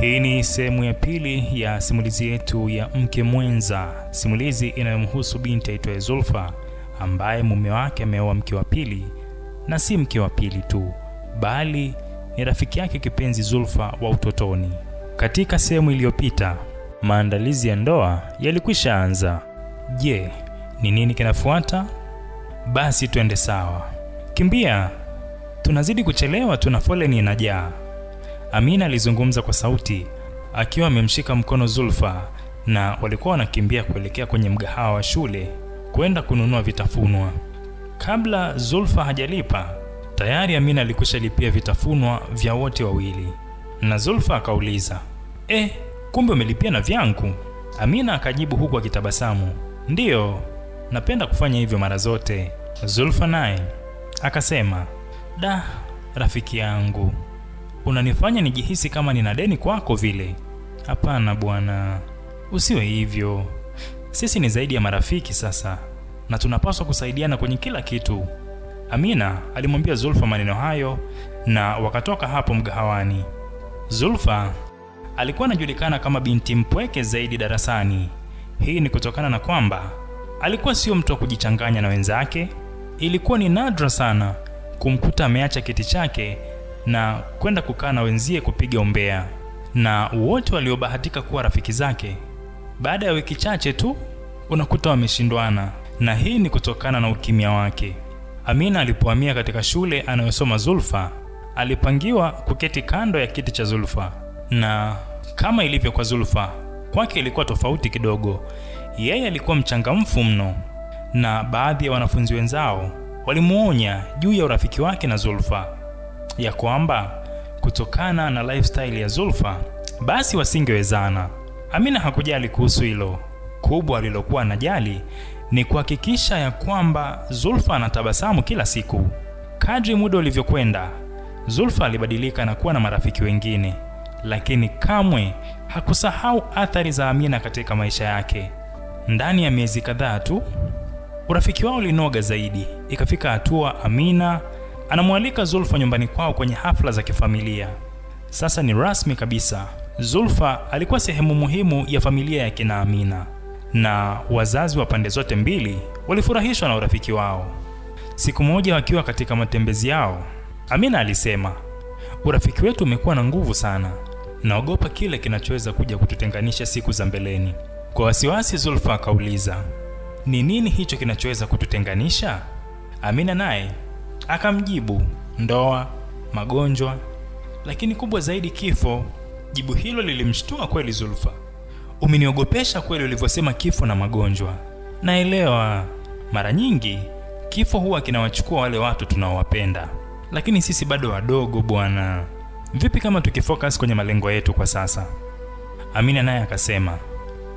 Hii ni sehemu ya pili ya simulizi yetu ya Mke Mwenza, simulizi inayomhusu binti aitwaye Zulfa ambaye mume wake ameoa mke wa pili, na si mke wa pili tu, bali ni rafiki yake kipenzi Zulfa wa utotoni. Katika sehemu iliyopita, maandalizi ya ndoa yalikwisha anza. Je, ni nini kinafuata? Basi twende sawa. Kimbia, tunazidi kuchelewa, tuna foleni inajaa. Amina alizungumza kwa sauti akiwa amemshika mkono Zulfa, na walikuwa wanakimbia kuelekea kwenye mgahawa wa shule kwenda kununua vitafunwa. Kabla Zulfa hajalipa, tayari Amina alikwisha lipia vitafunwa vya wote wawili, na Zulfa akauliza eh, kumbe umelipia na vyangu? Amina akajibu huku akitabasamu, ndiyo, napenda kufanya hivyo mara zote. Zulfa naye akasema, da, rafiki yangu unanifanya nijihisi kama nina deni kwako vile. Hapana bwana, usiwe hivyo. Sisi ni zaidi ya marafiki sasa, na tunapaswa kusaidiana kwenye kila kitu. Amina alimwambia Zulfa maneno hayo na wakatoka hapo mgahawani. Zulfa alikuwa anajulikana kama binti mpweke zaidi darasani. Hii ni kutokana na kwamba alikuwa sio mtu wa kujichanganya na wenzake. Ilikuwa ni nadra sana kumkuta ameacha kiti chake na kwenda kukaa na wenzie kupiga umbea na wote waliobahatika kuwa rafiki zake, baada ya wiki chache tu unakuta wameshindwana, na hii ni kutokana na ukimya wake. Amina alipohamia katika shule anayosoma Zulfa, alipangiwa kuketi kando ya kiti cha Zulfa, na kama ilivyo kwa Zulfa, kwake ilikuwa tofauti kidogo. Yeye alikuwa mchangamfu mno, na baadhi ya wanafunzi wenzao walimuonya juu ya urafiki wake na Zulfa ya kwamba kutokana na lifestyle ya Zulfa basi wasingewezana. Amina hakujali kuhusu hilo. Kubwa alilokuwa anajali ni kuhakikisha ya kwamba Zulfa anatabasamu kila siku. Kadri muda ulivyokwenda, Zulfa alibadilika na kuwa na marafiki wengine, lakini kamwe hakusahau athari za Amina katika maisha yake. Ndani ya miezi kadhaa tu urafiki wao ulinoga zaidi, ikafika hatua Amina Anamwalika Zulfa nyumbani kwao kwenye hafla za kifamilia. Sasa ni rasmi kabisa, Zulfa alikuwa sehemu muhimu ya familia ya kina Amina na wazazi wa pande zote mbili walifurahishwa na urafiki wao. Siku moja wakiwa katika matembezi yao, Amina alisema, urafiki wetu umekuwa na nguvu sana, naogopa kile kinachoweza kuja kututenganisha siku za mbeleni. Kwa wasiwasi, Zulfa akauliza, ni nini hicho kinachoweza kututenganisha? Amina naye Akamjibu ndoa, magonjwa, lakini kubwa zaidi kifo. Jibu hilo lilimshtua kweli Zulfa. Umeniogopesha kweli ulivyosema kifo na magonjwa. Naelewa mara nyingi kifo huwa kinawachukua wale watu tunaowapenda, lakini sisi bado wadogo bwana. Vipi kama tukifocus kwenye malengo yetu kwa sasa? Amina naye akasema,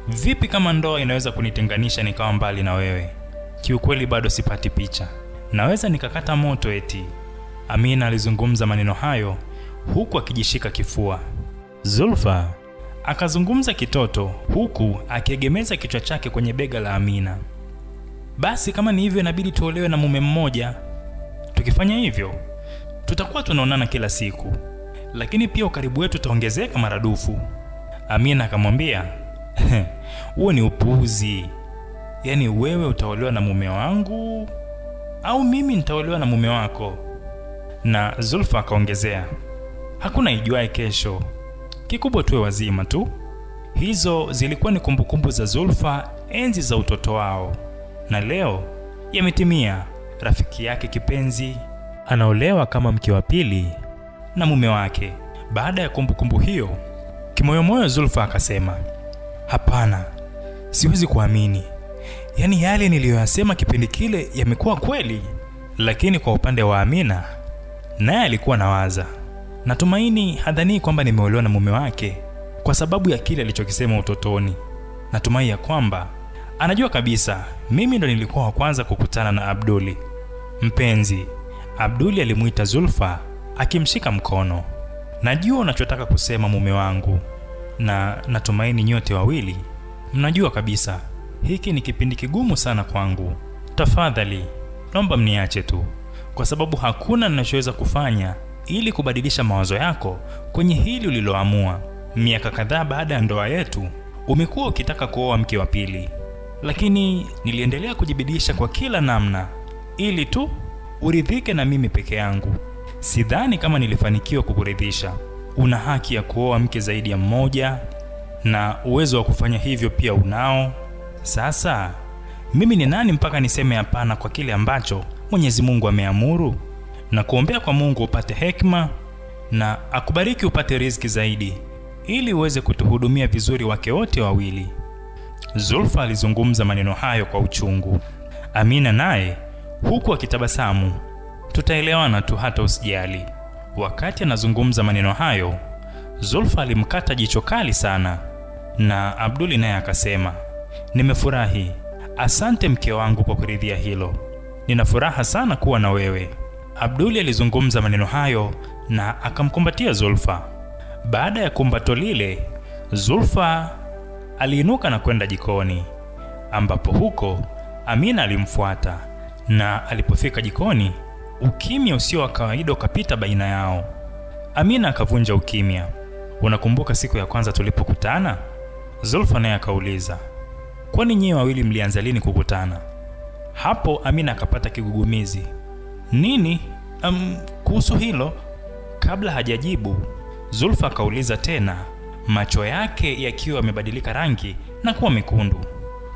vipi kama ndoa inaweza kunitenganisha nikawa mbali na wewe? Kiukweli bado sipati picha naweza nikakata moto eti? Amina alizungumza maneno hayo huku akijishika kifua. Zulfa akazungumza kitoto huku akiegemeza kichwa chake kwenye bega la Amina. Basi kama ni hivyo, inabidi tuolewe na mume mmoja. Tukifanya hivyo, tutakuwa tunaonana kila siku, lakini pia ukaribu wetu utaongezeka maradufu. Amina akamwambia huo ni upuuzi, yaani wewe utaolewa na mume wangu? au mimi nitaolewa na mume wako. Na Zulfa akaongezea, hakuna ijuaye kesho, kikubwa tuwe wazima tu. Hizo zilikuwa ni kumbukumbu za Zulfa enzi za utoto wao, na leo yametimia. Rafiki yake kipenzi anaolewa kama mke wa pili na mume wake. Baada ya kumbukumbu kumbu hiyo, kimoyomoyo Zulfa akasema, hapana, siwezi kuamini Yaani yale niliyoyasema kipindi kile yamekuwa kweli. Lakini kwa upande wa Amina, naye alikuwa na waza, natumaini hadhanii kwamba nimeolewa na mume wake kwa sababu ya kile alichokisema utotoni. Natumai ya kwamba anajua kabisa mimi ndo nilikuwa wa kwanza kukutana na Abduli mpenzi. Abduli alimwita Zulfa akimshika mkono. Najua unachotaka kusema mume wangu, na natumaini nyote wawili mnajua kabisa hiki ni kipindi kigumu sana kwangu, tafadhali naomba mniache tu, kwa sababu hakuna ninachoweza kufanya ili kubadilisha mawazo yako kwenye hili uliloamua. Miaka kadhaa baada ya ndoa yetu, umekuwa ukitaka kuoa mke wa pili, lakini niliendelea kujibidisha kwa kila namna ili tu uridhike na mimi peke yangu. Sidhani kama nilifanikiwa kukuridhisha. Una haki ya kuoa mke zaidi ya mmoja, na uwezo wa kufanya hivyo pia unao. Sasa mimi ni nani mpaka niseme hapana kwa kile ambacho Mwenyezi Mungu ameamuru? Na kuombea kwa Mungu upate hekima na akubariki upate riziki zaidi ili uweze kutuhudumia vizuri wake wote wawili. Zulfa alizungumza maneno hayo kwa uchungu. Amina naye huku akitabasamu, tutaelewana tu, hata usijali. Wakati anazungumza maneno hayo, Zulfa alimkata jicho kali sana, na Abduli naye akasema Nimefurahi. Asante mke wangu kwa kuridhia hilo. Nina furaha sana kuwa na wewe. Abduli alizungumza maneno hayo na akamkumbatia Zulfa. Baada ya kumbato lile, Zulfa aliinuka na kwenda jikoni, ambapo huko Amina alimfuata na alipofika jikoni, ukimya usio wa kawaida ukapita baina yao. Amina akavunja ukimya. Unakumbuka siku ya kwanza tulipokutana? Zulfa naye akauliza kwani nyewe wawili mlianza lini kukutana? Hapo Amina akapata kigugumizi. Nini? Um, kuhusu hilo kabla hajajibu Zulfa akauliza tena, macho yake yakiwa yamebadilika rangi na kuwa mekundu.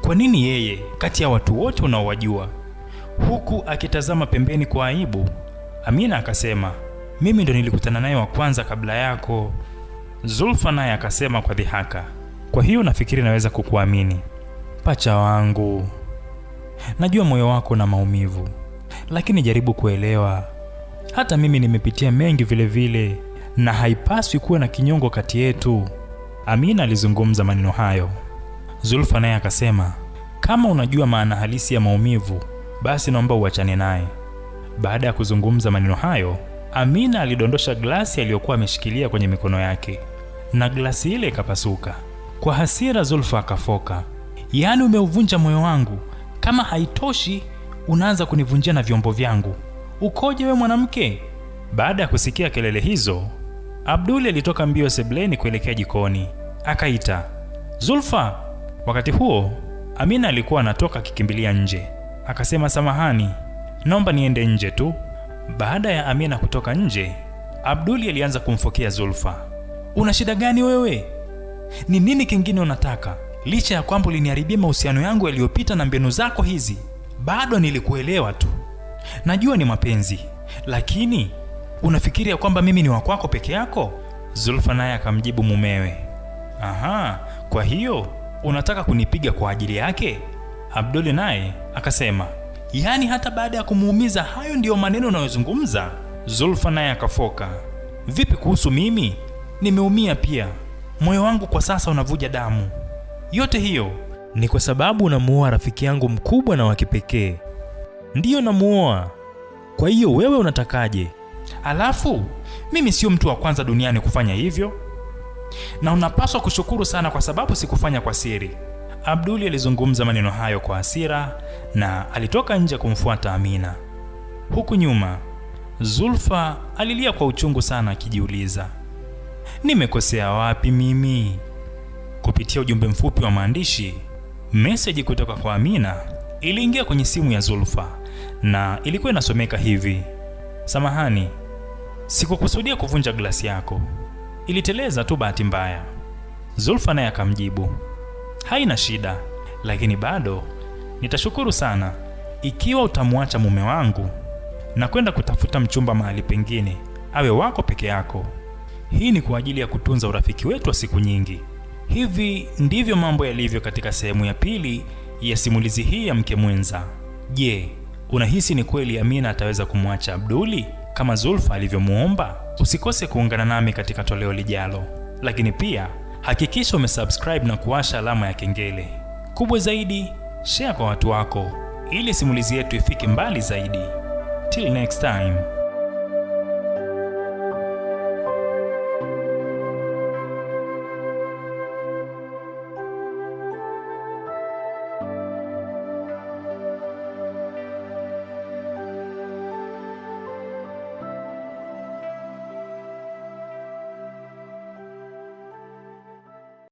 Kwa nini yeye kati ya watu wote unaowajua? Huku akitazama pembeni kwa aibu, Amina akasema, mimi ndo nilikutana naye wa kwanza kabla yako. Zulfa naye akasema kwa dhihaka, kwa hiyo nafikiri naweza kukuamini. Pacha wangu, najua moyo wako na maumivu, lakini jaribu kuelewa, hata mimi nimepitia mengi vilevile vile, na haipaswi kuwa na kinyongo kati yetu. Amina alizungumza maneno hayo. Zulfa naye akasema, kama unajua maana halisi ya maumivu, basi naomba uachane naye. Baada ya kuzungumza maneno hayo, Amina alidondosha glasi aliyokuwa ameshikilia kwenye mikono yake na glasi ile ikapasuka. Kwa hasira, Zulfa akafoka yaani umeuvunja moyo wangu. Kama haitoshi, unaanza kunivunjia na vyombo vyangu. Ukoje we mwanamke? Baada ya kusikia kelele hizo, Abduli alitoka mbio sebleni kuelekea jikoni, akaita Zulfa. Wakati huo Amina alikuwa anatoka akikimbilia nje, akasema samahani, naomba niende nje tu. Baada ya Amina kutoka nje, Abduli alianza kumfokea Zulfa, una shida gani wewe? Ni nini kingine unataka? licha ya kwamba uliniharibia mahusiano yangu yaliyopita na mbinu zako hizi, bado nilikuelewa tu. Najua ni mapenzi, lakini unafikiria kwamba mimi ni wa kwako peke yako? Zulfa naye akamjibu mumewe, aha, kwa hiyo unataka kunipiga kwa ajili yake? Abduli naye akasema, yaani hata baada ya kumuumiza, hayo ndiyo maneno unayozungumza? Zulfa naye akafoka, vipi kuhusu mimi? Nimeumia pia, moyo wangu kwa sasa unavuja damu yote hiyo ni kwa sababu unamuoa rafiki yangu mkubwa na wa kipekee. Ndiyo, namuoa. Kwa hiyo wewe unatakaje? Alafu mimi sio mtu wa kwanza duniani kufanya hivyo, na unapaswa kushukuru sana kwa sababu sikufanya kwa siri. Abduli alizungumza maneno hayo kwa hasira na alitoka nje kumfuata Amina. Huku nyuma, Zulfa alilia kwa uchungu sana akijiuliza, nimekosea wapi mimi? kupitia ujumbe mfupi wa maandishi. Meseji kutoka kwa Amina iliingia kwenye simu ya Zulfa na ilikuwa inasomeka hivi: samahani, sikukusudia kuvunja glasi yako, iliteleza tu bahati mbaya. Zulfa naye akamjibu, haina shida, lakini bado nitashukuru sana ikiwa utamwacha mume wangu na kwenda kutafuta mchumba mahali pengine awe wako peke yako. Hii ni kwa ajili ya kutunza urafiki wetu wa siku nyingi. Hivi ndivyo mambo yalivyo katika sehemu ya pili ya simulizi hii ya mke mwenza. Je, unahisi ni kweli Amina ataweza kumwacha Abduli kama Zulfa alivyomwomba? Usikose kuungana nami katika toleo lijalo, lakini pia hakikisha umesubscribe na kuwasha alama ya kengele. Kubwa zaidi, share kwa watu wako ili simulizi yetu ifike mbali zaidi. Till next time.